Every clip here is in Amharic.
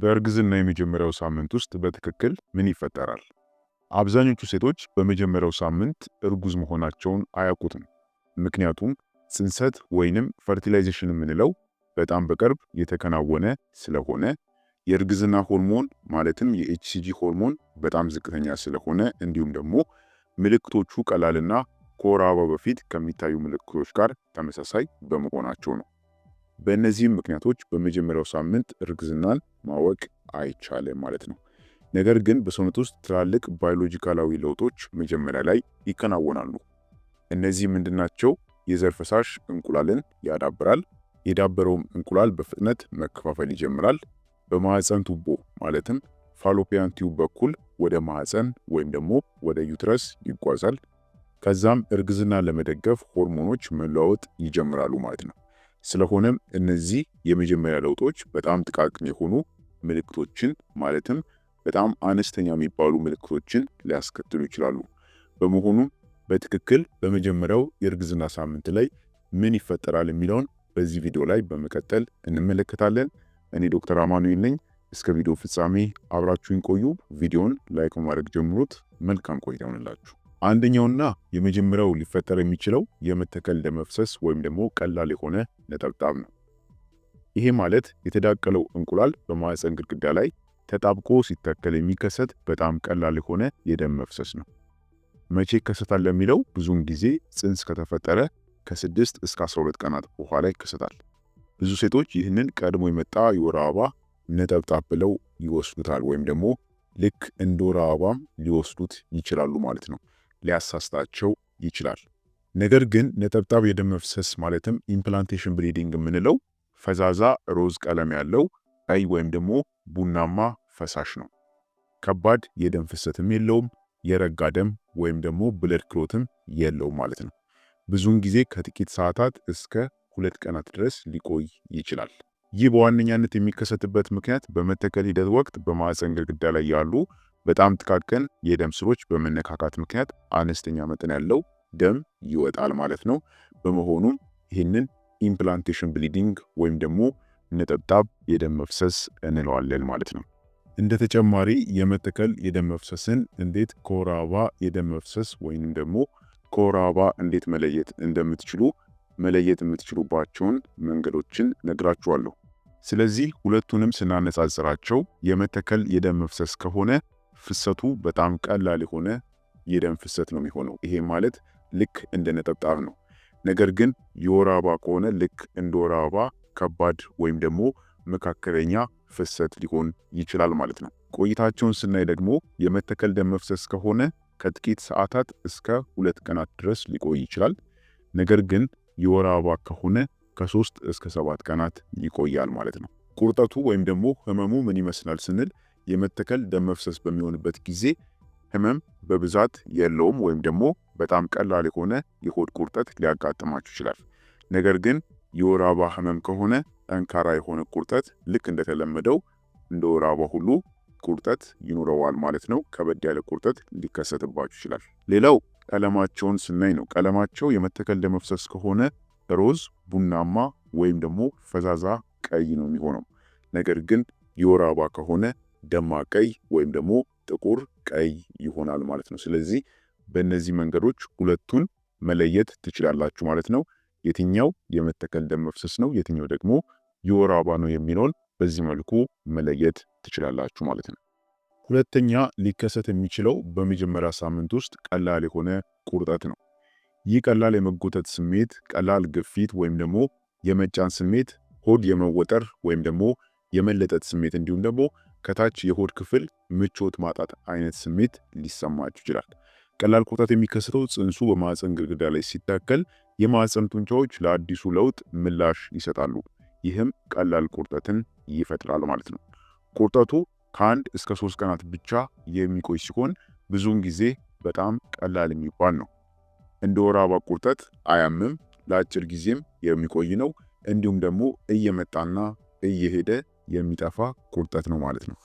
በእርግዝና የመጀመሪያው ሳምንት ውስጥ በትክክል ምን ይፈጠራል? አብዛኞቹ ሴቶች በመጀመሪያው ሳምንት እርጉዝ መሆናቸውን አያውቁትም። ምክንያቱም ጽንሰት ወይንም ፈርቲላይዜሽን የምንለው በጣም በቅርብ የተከናወነ ስለሆነ የእርግዝና ሆርሞን ማለትም የኤችሲጂ ሆርሞን በጣም ዝቅተኛ ስለሆነ እንዲሁም ደግሞ ምልክቶቹ ቀላልና ከወር አበባ በፊት ከሚታዩ ምልክቶች ጋር ተመሳሳይ በመሆናቸው ነው። በእነዚህም ምክንያቶች በመጀመሪያው ሳምንት እርግዝናን ማወቅ አይቻልም ማለት ነው። ነገር ግን በሰውነት ውስጥ ትላልቅ ባዮሎጂካላዊ ለውጦች መጀመሪያ ላይ ይከናወናሉ። እነዚህ ምንድናቸው? የዘር ፈሳሽ እንቁላልን ያዳብራል። የዳበረውም እንቁላል በፍጥነት መከፋፈል ይጀምራል። በማህፀን ቱቦ ማለትም ፋሎፒያን ቲዩብ በኩል ወደ ማህፀን ወይም ደግሞ ወደ ዩትረስ ይጓዛል። ከዛም እርግዝና ለመደገፍ ሆርሞኖች መለዋወጥ ይጀምራሉ ማለት ነው። ስለሆነም እነዚህ የመጀመሪያ ለውጦች በጣም ጥቃቅን የሆኑ ምልክቶችን ማለትም በጣም አነስተኛ የሚባሉ ምልክቶችን ሊያስከትሉ ይችላሉ። በመሆኑም በትክክል በመጀመሪያው የእርግዝና ሳምንት ላይ ምን ይፈጠራል የሚለውን በዚህ ቪዲዮ ላይ በመቀጠል እንመለከታለን። እኔ ዶክተር አማኑኤል ነኝ። እስከ ቪዲዮ ፍጻሜ አብራችሁ ቆዩ። ቪዲዮን ላይክ ማድረግ ጀምሩት። መልካም ቆይታ ይሆንላችሁ። አንደኛውና የመጀመሪያው ሊፈጠር የሚችለው የመተከል ደም መፍሰስ ወይም ደግሞ ቀላል የሆነ ነጠብጣብ ነው። ይሄ ማለት የተዳቀለው እንቁላል በማህፀን ግድግዳ ላይ ተጣብቆ ሲተከል የሚከሰት በጣም ቀላል የሆነ የደም መፍሰስ ነው። መቼ ይከሰታል ለሚለው ብዙውን ጊዜ ጽንስ ከተፈጠረ ከስድስት እስከ 12 ቀናት በኋላ ይከሰታል። ብዙ ሴቶች ይህንን ቀድሞ የመጣ የወር አበባ ነጠብጣብ ብለው ይወስዱታል ወይም ደግሞ ልክ እንደ ወር አበባም ሊወስዱት ይችላሉ ማለት ነው። ሊያሳስታቸው ይችላል። ነገር ግን ነጠብጣብ የደም መፍሰስ ማለትም ኢምፕላንቴሽን ብሊዲንግ የምንለው ፈዛዛ ሮዝ ቀለም ያለው ቀይ ወይም ደግሞ ቡናማ ፈሳሽ ነው። ከባድ የደም ፍሰትም የለውም፣ የረጋ ደም ወይም ደግሞ ብለድ ክሎትም የለውም ማለት ነው። ብዙውን ጊዜ ከጥቂት ሰዓታት እስከ ሁለት ቀናት ድረስ ሊቆይ ይችላል። ይህ በዋነኛነት የሚከሰትበት ምክንያት በመተከል ሂደት ወቅት በማህፀን ግድግዳ ላይ ያሉ በጣም ጥቃቅን የደም ስሮች በመነካካት ምክንያት አነስተኛ መጠን ያለው ደም ይወጣል ማለት ነው። በመሆኑም ይህንን ኢምፕላንቴሽን ብሊዲንግ ወይም ደግሞ ነጠብጣብ የደም መፍሰስ እንለዋለን ማለት ነው። እንደ ተጨማሪ የመተከል የደም መፍሰስን እንዴት ከወር አበባ የደም መፍሰስ ወይም ደግሞ ከወር አበባ እንዴት መለየት እንደምትችሉ መለየት የምትችሉባቸውን መንገዶችን ነግራችኋለሁ። ስለዚህ ሁለቱንም ስናነጻጽራቸው የመተከል የደም መፍሰስ ከሆነ ፍሰቱ በጣም ቀላል የሆነ የደም ፍሰት ነው የሚሆነው። ይሄ ማለት ልክ እንደ ነጠብጣብ ነው። ነገር ግን የወር አበባ ከሆነ ልክ እንደ ወር አበባ ከባድ ወይም ደግሞ መካከለኛ ፍሰት ሊሆን ይችላል ማለት ነው። ቆይታቸውን ስናይ ደግሞ የመተከል ደም መፍሰስ ከሆነ ከጥቂት ሰዓታት እስከ ሁለት ቀናት ድረስ ሊቆይ ይችላል። ነገር ግን የወር አበባ ከሆነ ከሶስት እስከ ሰባት ቀናት ይቆያል ማለት ነው። ቁርጠቱ ወይም ደግሞ ህመሙ ምን ይመስላል ስንል የመተከል ደም መፍሰስ በሚሆንበት ጊዜ ህመም በብዛት የለውም ወይም ደግሞ በጣም ቀላል የሆነ የሆድ ቁርጠት ሊያጋጥማችሁ ይችላል። ነገር ግን የወር አበባ ህመም ከሆነ ጠንካራ የሆነ ቁርጠት ልክ እንደተለመደው እንደ ወር አበባ ሁሉ ቁርጠት ይኖረዋል ማለት ነው። ከበድ ያለ ቁርጠት ሊከሰትባችሁ ይችላል። ሌላው ቀለማቸውን ስናይ ነው። ቀለማቸው የመተከል ደም መፍሰስ ከሆነ ሮዝ፣ ቡናማ ወይም ደግሞ ፈዛዛ ቀይ ነው የሚሆነው። ነገር ግን የወር አበባ ከሆነ ደማቅ ቀይ ወይም ደግሞ ጥቁር ቀይ ይሆናል ማለት ነው። ስለዚህ በእነዚህ መንገዶች ሁለቱን መለየት ትችላላችሁ ማለት ነው። የትኛው የመተከል ደም መፍሰስ ነው፣ የትኛው ደግሞ የወር አበባ ነው የሚለውን በዚህ መልኩ መለየት ትችላላችሁ ማለት ነው። ሁለተኛ ሊከሰት የሚችለው በመጀመሪያ ሳምንት ውስጥ ቀላል የሆነ ቁርጠት ነው። ይህ ቀላል የመጎተት ስሜት፣ ቀላል ግፊት ወይም ደግሞ የመጫን ስሜት፣ ሆድ የመወጠር ወይም ደግሞ የመለጠት ስሜት እንዲሁም ደግሞ ከታች የሆድ ክፍል ምቾት ማጣት አይነት ስሜት ሊሰማችሁ ይችላል። ቀላል ቁርጠት የሚከሰተው ጽንሱ በማህፀን ግድግዳ ላይ ሲታከል የማህፀን ጡንቻዎች ለአዲሱ ለውጥ ምላሽ ይሰጣሉ። ይህም ቀላል ቁርጠትን ይፈጥራል ማለት ነው። ቁርጠቱ ከአንድ እስከ ሶስት ቀናት ብቻ የሚቆይ ሲሆን ብዙውን ጊዜ በጣም ቀላል የሚባል ነው። እንደ ወር አበባ ቁርጠት አያምም፣ ለአጭር ጊዜም የሚቆይ ነው። እንዲሁም ደግሞ እየመጣና እየሄደ የሚጠፋ ቁርጠት ነው ማለት ነው።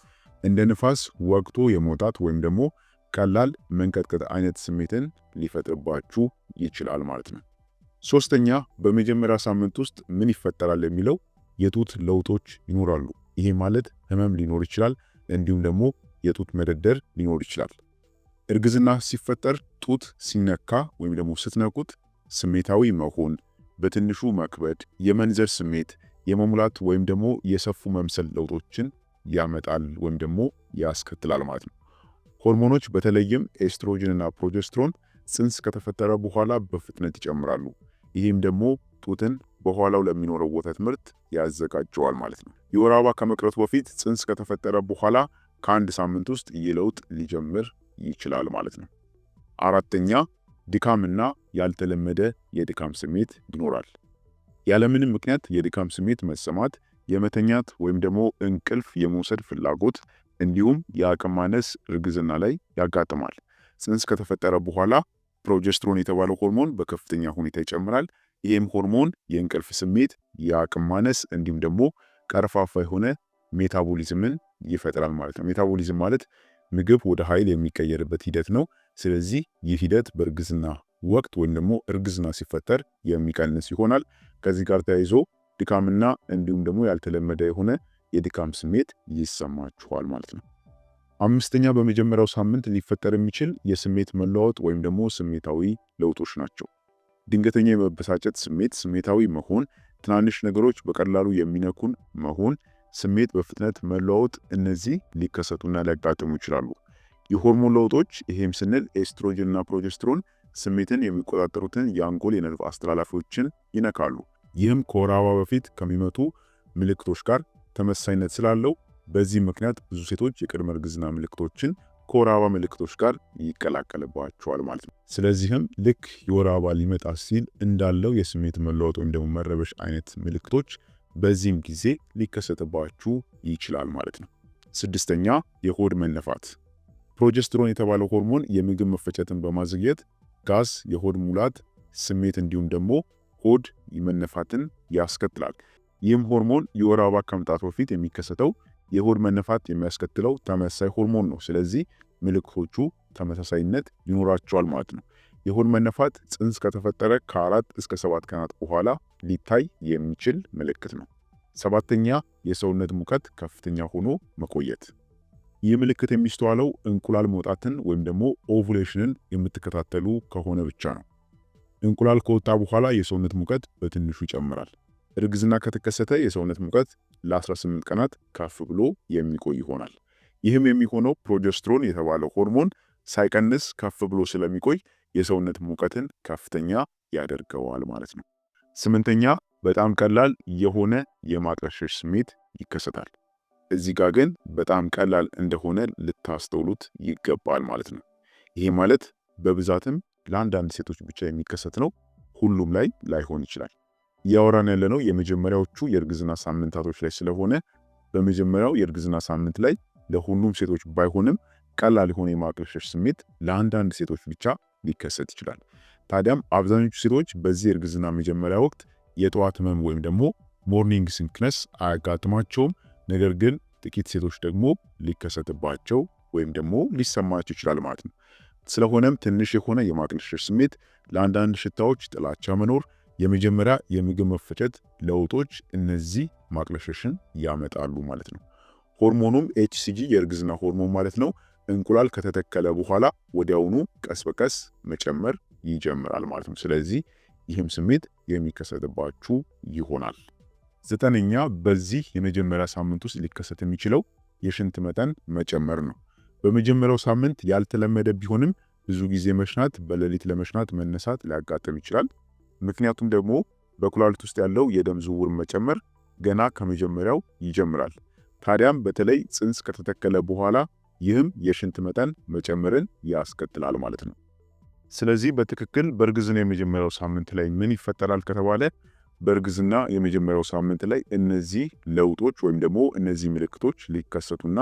እንደ ንፋስ ወቅቶ የመውጣት ወይም ደግሞ ቀላል መንቀጥቀጥ አይነት ስሜትን ሊፈጥርባችሁ ይችላል ማለት ነው። ሶስተኛ በመጀመሪያ ሳምንት ውስጥ ምን ይፈጠራል የሚለው የጡት ለውጦች ይኖራሉ። ይሄ ማለት ህመም ሊኖር ይችላል፣ እንዲሁም ደግሞ የጡት መደደር ሊኖር ይችላል። እርግዝና ሲፈጠር ጡት ሲነካ ወይም ደግሞ ስትነኩት ስሜታዊ መሆን፣ በትንሹ መክበድ፣ የመንዘር ስሜት የመሙላት ወይም ደግሞ የሰፉ መምሰል ለውጦችን ያመጣል ወይም ደግሞ ያስከትላል ማለት ነው። ሆርሞኖች በተለይም ኤስትሮጅን እና ፕሮጀስትሮን ጽንስ ከተፈጠረ በኋላ በፍጥነት ይጨምራሉ። ይህም ደግሞ ጡትን በኋላው ለሚኖረው ወተት ምርት ያዘጋጀዋል ማለት ነው። የወር አበባ ከመቅረቱ በፊት ጽንስ ከተፈጠረ በኋላ ከአንድ ሳምንት ውስጥ ይህ ለውጥ ሊጀምር ይችላል ማለት ነው። አራተኛ ድካምና ያልተለመደ የድካም ስሜት ይኖራል። ያለምንም ምክንያት የድካም ስሜት መሰማት፣ የመተኛት ወይም ደግሞ እንቅልፍ የመውሰድ ፍላጎት እንዲሁም የአቅም ማነስ እርግዝና ላይ ያጋጥማል። ጽንስ ከተፈጠረ በኋላ ፕሮጀስትሮን የተባለው ሆርሞን በከፍተኛ ሁኔታ ይጨምራል። ይህም ሆርሞን የእንቅልፍ ስሜት፣ የአቅም ማነስ እንዲሁም ደግሞ ቀርፋፋ የሆነ ሜታቦሊዝምን ይፈጥራል ማለት ነው። ሜታቦሊዝም ማለት ምግብ ወደ ኃይል የሚቀየርበት ሂደት ነው። ስለዚህ ይህ ሂደት በእርግዝና ወቅት ወይም ደግሞ እርግዝና ሲፈጠር የሚቀንስ ይሆናል። ከዚህ ጋር ተያይዞ ድካምና እንዲሁም ደግሞ ያልተለመደ የሆነ የድካም ስሜት ይሰማችኋል ማለት ነው። አምስተኛ በመጀመሪያው ሳምንት ሊፈጠር የሚችል የስሜት መለዋወጥ ወይም ደግሞ ስሜታዊ ለውጦች ናቸው። ድንገተኛ የመበሳጨት ስሜት፣ ስሜታዊ መሆን፣ ትናንሽ ነገሮች በቀላሉ የሚነኩን መሆን፣ ስሜት በፍጥነት መለዋወጥ፣ እነዚህ ሊከሰቱና ሊያጋጥሙ ይችላሉ። የሆርሞን ለውጦች ይህም ስንል ኤስትሮጅን እና ፕሮጀስትሮን ስሜትን የሚቆጣጠሩትን የአንጎል የነርቭ አስተላላፊዎችን ይነካሉ። ይህም ከወር አበባ በፊት ከሚመጡ ምልክቶች ጋር ተመሳሳይነት ስላለው በዚህ ምክንያት ብዙ ሴቶች የቅድመ እርግዝና ምልክቶችን ከወር አበባ ምልክቶች ጋር ይቀላቀልባቸዋል ማለት ነው። ስለዚህም ልክ የወር አበባ ሊመጣ ሲል እንዳለው የስሜት መለወጥ ወይም ደግሞ መረበሽ አይነት ምልክቶች በዚህም ጊዜ ሊከሰትባችሁ ይችላል ማለት ነው። ስድስተኛ የሆድ መነፋት። ፕሮጀስትሮን የተባለው ሆርሞን የምግብ መፈጨትን በማዘግየት ጋዝ፣ የሆድ ሙላት ስሜት እንዲሁም ደግሞ ሆድ መነፋትን ያስከትላል። ይህም ሆርሞን የወር አበባ ከመምጣቱ በፊት የሚከሰተው የሆድ መነፋት የሚያስከትለው ተመሳሳይ ሆርሞን ነው። ስለዚህ ምልክቶቹ ተመሳሳይነት ይኖራቸዋል ማለት ነው። የሆድ መነፋት ጽንስ ከተፈጠረ ከአራት እስከ ሰባት ቀናት በኋላ ሊታይ የሚችል ምልክት ነው። ሰባተኛ የሰውነት ሙቀት ከፍተኛ ሆኖ መቆየት ይህ ምልክት የሚስተዋለው እንቁላል መውጣትን ወይም ደግሞ ኦቭሌሽንን የምትከታተሉ ከሆነ ብቻ ነው። እንቁላል ከወጣ በኋላ የሰውነት ሙቀት በትንሹ ይጨምራል። እርግዝና ከተከሰተ የሰውነት ሙቀት ለ18 ቀናት ከፍ ብሎ የሚቆይ ይሆናል። ይህም የሚሆነው ፕሮጀስትሮን የተባለው ሆርሞን ሳይቀንስ ከፍ ብሎ ስለሚቆይ የሰውነት ሙቀትን ከፍተኛ ያደርገዋል ማለት ነው። ስምንተኛ በጣም ቀላል የሆነ የማቅለሽለሽ ስሜት ይከሰታል። እዚህ ጋር ግን በጣም ቀላል እንደሆነ ልታስተውሉት ይገባል ማለት ነው። ይሄ ማለት በብዛትም ለአንዳንድ ሴቶች ብቻ የሚከሰት ነው፣ ሁሉም ላይ ላይሆን ይችላል። እያወራን ያለነው የመጀመሪያዎቹ የእርግዝና ሳምንታቶች ላይ ስለሆነ በመጀመሪያው የእርግዝና ሳምንት ላይ ለሁሉም ሴቶች ባይሆንም ቀላል የሆነ የማቅለሽለሽ ስሜት ለአንዳንድ ሴቶች ብቻ ሊከሰት ይችላል። ታዲያም አብዛኞቹ ሴቶች በዚህ የእርግዝና መጀመሪያ ወቅት የጠዋት ህመም ወይም ደግሞ ሞርኒንግ ሲክነስ አያጋጥማቸውም። ነገር ግን ጥቂት ሴቶች ደግሞ ሊከሰትባቸው ወይም ደግሞ ሊሰማቸው ይችላል ማለት ነው። ስለሆነም ትንሽ የሆነ የማቅለሽለሽ ስሜት፣ ለአንዳንድ ሽታዎች ጥላቻ መኖር፣ የመጀመሪያ የምግብ መፈጨት ለውጦች እነዚህ ማቅለሽለሽን ያመጣሉ ማለት ነው። ሆርሞኑም ኤችሲጂ የእርግዝና ሆርሞን ማለት ነው እንቁላል ከተተከለ በኋላ ወዲያውኑ ቀስ በቀስ መጨመር ይጀምራል ማለት ነው። ስለዚህ ይህም ስሜት የሚከሰትባችሁ ይሆናል። ዘጠነኛ በዚህ የመጀመሪያ ሳምንት ውስጥ ሊከሰት የሚችለው የሽንት መጠን መጨመር ነው። በመጀመሪያው ሳምንት ያልተለመደ ቢሆንም ብዙ ጊዜ መሽናት፣ በሌሊት ለመሽናት መነሳት ሊያጋጥም ይችላል። ምክንያቱም ደግሞ በኩላሊት ውስጥ ያለው የደም ዝውውር መጨመር ገና ከመጀመሪያው ይጀምራል። ታዲያም በተለይ ጽንስ ከተተከለ በኋላ ይህም የሽንት መጠን መጨመርን ያስከትላል ማለት ነው። ስለዚህ በትክክል በእርግዝና የመጀመሪያው ሳምንት ላይ ምን ይፈጠራል ከተባለ በእርግዝና የመጀመሪያው ሳምንት ላይ እነዚህ ለውጦች ወይም ደግሞ እነዚህ ምልክቶች ሊከሰቱና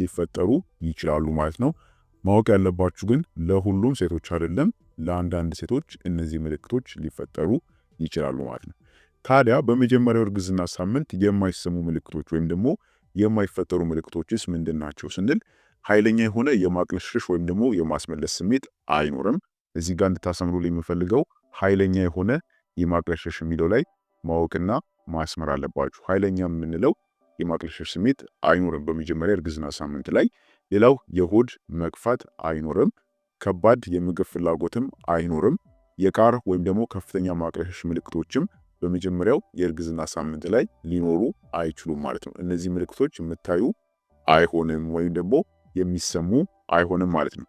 ሊፈጠሩ ይችላሉ ማለት ነው። ማወቅ ያለባችሁ ግን ለሁሉም ሴቶች አይደለም፣ ለአንዳንድ ሴቶች እነዚህ ምልክቶች ሊፈጠሩ ይችላሉ ማለት ነው። ታዲያ በመጀመሪያው እርግዝና ሳምንት የማይሰሙ ምልክቶች ወይም ደግሞ የማይፈጠሩ ምልክቶችስ ምንድን ናቸው ስንል ኃይለኛ የሆነ የማቅለሽለሽ ወይም ደግሞ የማስመለስ ስሜት አይኖርም። እዚህ ጋር እንድታሰምሩ የምፈልገው ኃይለኛ የሆነ የማቅለሽለሽ የሚለው ላይ ማወቅና ማስመር አለባችሁ። ኃይለኛ የምንለው የማቅለሽለሽ ስሜት አይኖርም በመጀመሪያ እርግዝና ሳምንት ላይ። ሌላው የሆድ መቅፋት አይኖርም። ከባድ የምግብ ፍላጎትም አይኖርም። የቃር ወይም ደግሞ ከፍተኛ ማቅለሽለሽ ምልክቶችም በመጀመሪያው የእርግዝና ሳምንት ላይ ሊኖሩ አይችሉም ማለት ነው። እነዚህ ምልክቶች የምታዩ አይሆንም ወይም ደግሞ የሚሰሙ አይሆንም ማለት ነው።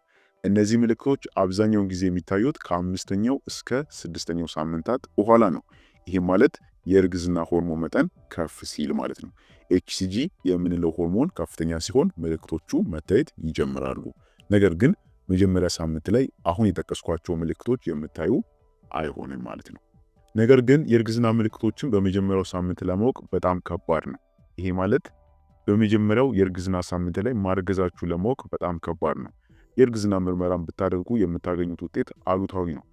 እነዚህ ምልክቶች አብዛኛውን ጊዜ የሚታዩት ከአምስተኛው እስከ ስድስተኛው ሳምንታት በኋላ ነው። ይህም ማለት የእርግዝና ሆርሞን መጠን ከፍ ሲል ማለት ነው። ኤችሲጂ የምንለው ሆርሞን ከፍተኛ ሲሆን ምልክቶቹ መታየት ይጀምራሉ። ነገር ግን መጀመሪያ ሳምንት ላይ አሁን የጠቀስኳቸው ምልክቶች የምታዩ አይሆንም ማለት ነው። ነገር ግን የእርግዝና ምልክቶችን በመጀመሪያው ሳምንት ለማወቅ በጣም ከባድ ነው። ይሄ ማለት በመጀመሪያው የእርግዝና ሳምንት ላይ ማርገዛችሁ ለማወቅ በጣም ከባድ ነው። የእርግዝና ምርመራን ብታደርጉ የምታገኙት ውጤት አሉታዊ ነው።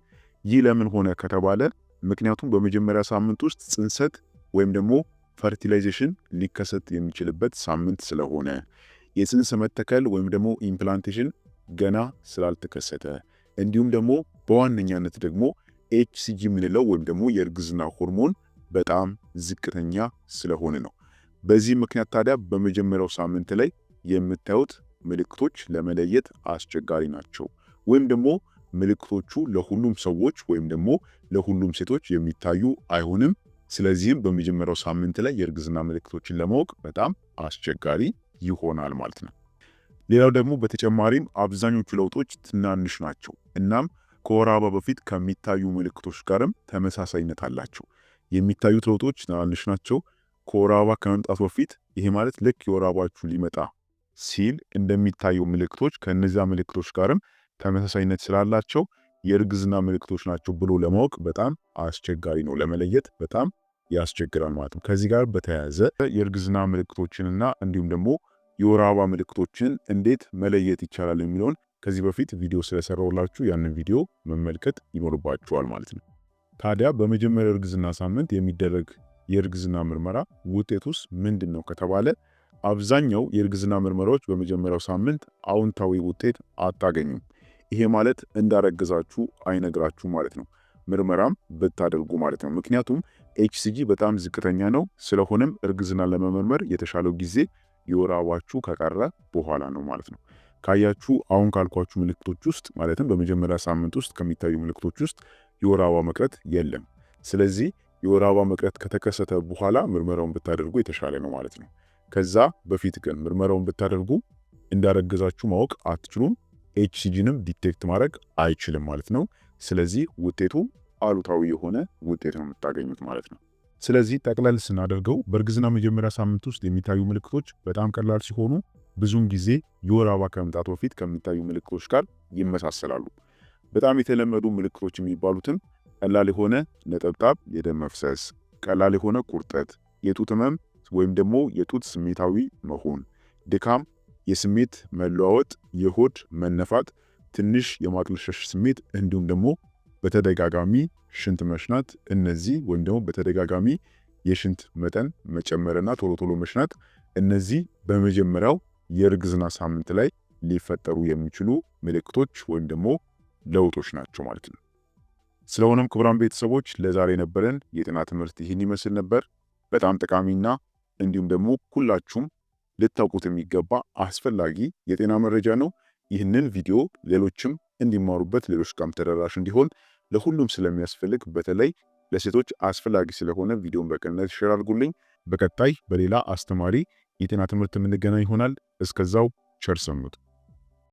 ይህ ለምን ሆነ ከተባለ ምክንያቱም በመጀመሪያ ሳምንት ውስጥ ጽንሰት ወይም ደግሞ ፈርቲላይዜሽን ሊከሰት የሚችልበት ሳምንት ስለሆነ፣ የጽንስ መተከል ወይም ደግሞ ኢምፕላንቴሽን ገና ስላልተከሰተ፣ እንዲሁም ደግሞ በዋነኛነት ደግሞ ኤችሲጂ የምንለው ወይም ደግሞ የእርግዝና ሆርሞን በጣም ዝቅተኛ ስለሆነ ነው። በዚህ ምክንያት ታዲያ በመጀመሪያው ሳምንት ላይ የምታዩት ምልክቶች ለመለየት አስቸጋሪ ናቸው ወይም ደግሞ ምልክቶቹ ለሁሉም ሰዎች ወይም ደግሞ ለሁሉም ሴቶች የሚታዩ አይሆንም። ስለዚህም በመጀመሪያው ሳምንት ላይ የእርግዝና ምልክቶችን ለማወቅ በጣም አስቸጋሪ ይሆናል ማለት ነው። ሌላው ደግሞ በተጨማሪም አብዛኞቹ ለውጦች ትናንሽ ናቸው እናም ከወር አበባ በፊት ከሚታዩ ምልክቶች ጋርም ተመሳሳይነት አላቸው። የሚታዩት ለውጦች ትናንሽ ናቸው ከወር አበባ ከመምጣቱ በፊት ይሄ ማለት ልክ የወር አበባችሁ ሊመጣ ሲል እንደሚታዩ ምልክቶች ከእነዚያ ምልክቶች ጋርም ተመሳሳይነት ስላላቸው የእርግዝና ምልክቶች ናቸው ብሎ ለማወቅ በጣም አስቸጋሪ ነው፣ ለመለየት በጣም ያስቸግራል ማለት ነው። ከዚህ ጋር በተያያዘ የእርግዝና ምልክቶችንና እንዲሁም ደግሞ የወር አበባ ምልክቶችን እንዴት መለየት ይቻላል የሚለውን ከዚህ በፊት ቪዲዮ ስለሰራውላችሁ ያንን ቪዲዮ መመልከት ይኖርባችኋል ማለት ነው። ታዲያ በመጀመሪያ እርግዝና ሳምንት የሚደረግ የእርግዝና ምርመራ ውጤት ውስጥ ምንድን ነው ከተባለ አብዛኛው የእርግዝና ምርመራዎች በመጀመሪያው ሳምንት አውንታዊ ውጤት አታገኙም። ይሄ ማለት እንዳረግዛችሁ አይነግራችሁ ማለት ነው፣ ምርመራም ብታደርጉ ማለት ነው። ምክንያቱም ኤችሲጂ በጣም ዝቅተኛ ነው። ስለሆነም እርግዝና ለመመርመር የተሻለው ጊዜ የወር አበባችሁ ከቀረ በኋላ ነው ማለት ነው። ካያችሁ አሁን ካልኳችሁ ምልክቶች ውስጥ ማለትም በመጀመሪያ ሳምንት ውስጥ ከሚታዩ ምልክቶች ውስጥ የወር አበባ መቅረት የለም። ስለዚህ የወር አበባ መቅረት ከተከሰተ በኋላ ምርመራውን ብታደርጉ የተሻለ ነው ማለት ነው። ከዛ በፊት ግን ምርመራውን ብታደርጉ እንዳረገዛችሁ ማወቅ አትችሉም። ኤችሲጂንም ዲቴክት ማድረግ አይችልም ማለት ነው። ስለዚህ ውጤቱ አሉታዊ የሆነ ውጤት ነው የምታገኙት ማለት ነው። ስለዚህ ጠቅለል ስናደርገው በእርግዝና መጀመሪያ ሳምንት ውስጥ የሚታዩ ምልክቶች በጣም ቀላል ሲሆኑ ብዙውን ጊዜ የወር አበባ ከመምጣቱ በፊት ከሚታዩ ምልክቶች ጋር ይመሳሰላሉ። በጣም የተለመዱ ምልክቶች የሚባሉትም ቀላል የሆነ ነጠብጣብ የደም መፍሰስ፣ ቀላል የሆነ ቁርጠት፣ የጡት ህመም ወይም ደግሞ የጡት ስሜታዊ መሆን፣ ድካም፣ የስሜት መለዋወጥ፣ የሆድ መነፋት፣ ትንሽ የማቅለሸሽ ስሜት እንዲሁም ደግሞ በተደጋጋሚ ሽንት መሽናት፣ እነዚህ ወይም ደግሞ በተደጋጋሚ የሽንት መጠን መጨመርና ቶሎ ቶሎ መሽናት፣ እነዚህ በመጀመሪያው የእርግዝና ሳምንት ላይ ሊፈጠሩ የሚችሉ ምልክቶች ወይም ደግሞ ለውጦች ናቸው ማለት ነው። ስለሆነም ክቡራን ቤተሰቦች ለዛሬ የነበረን የጤና ትምህርት ይህን ይመስል ነበር። በጣም ጠቃሚና እንዲሁም ደግሞ ሁላችሁም ልታውቁት የሚገባ አስፈላጊ የጤና መረጃ ነው። ይህንን ቪዲዮ ሌሎችም እንዲማሩበት ሌሎች ጋም ተደራሽ እንዲሆን ለሁሉም ስለሚያስፈልግ በተለይ ለሴቶች አስፈላጊ ስለሆነ ቪዲዮን በቅንነት ሼር አድርጉልኝ። በቀጣይ በሌላ አስተማሪ የጤና ትምህርት የምንገናኝ ይሆናል። እስከዛው ቸር ሰንብቱ።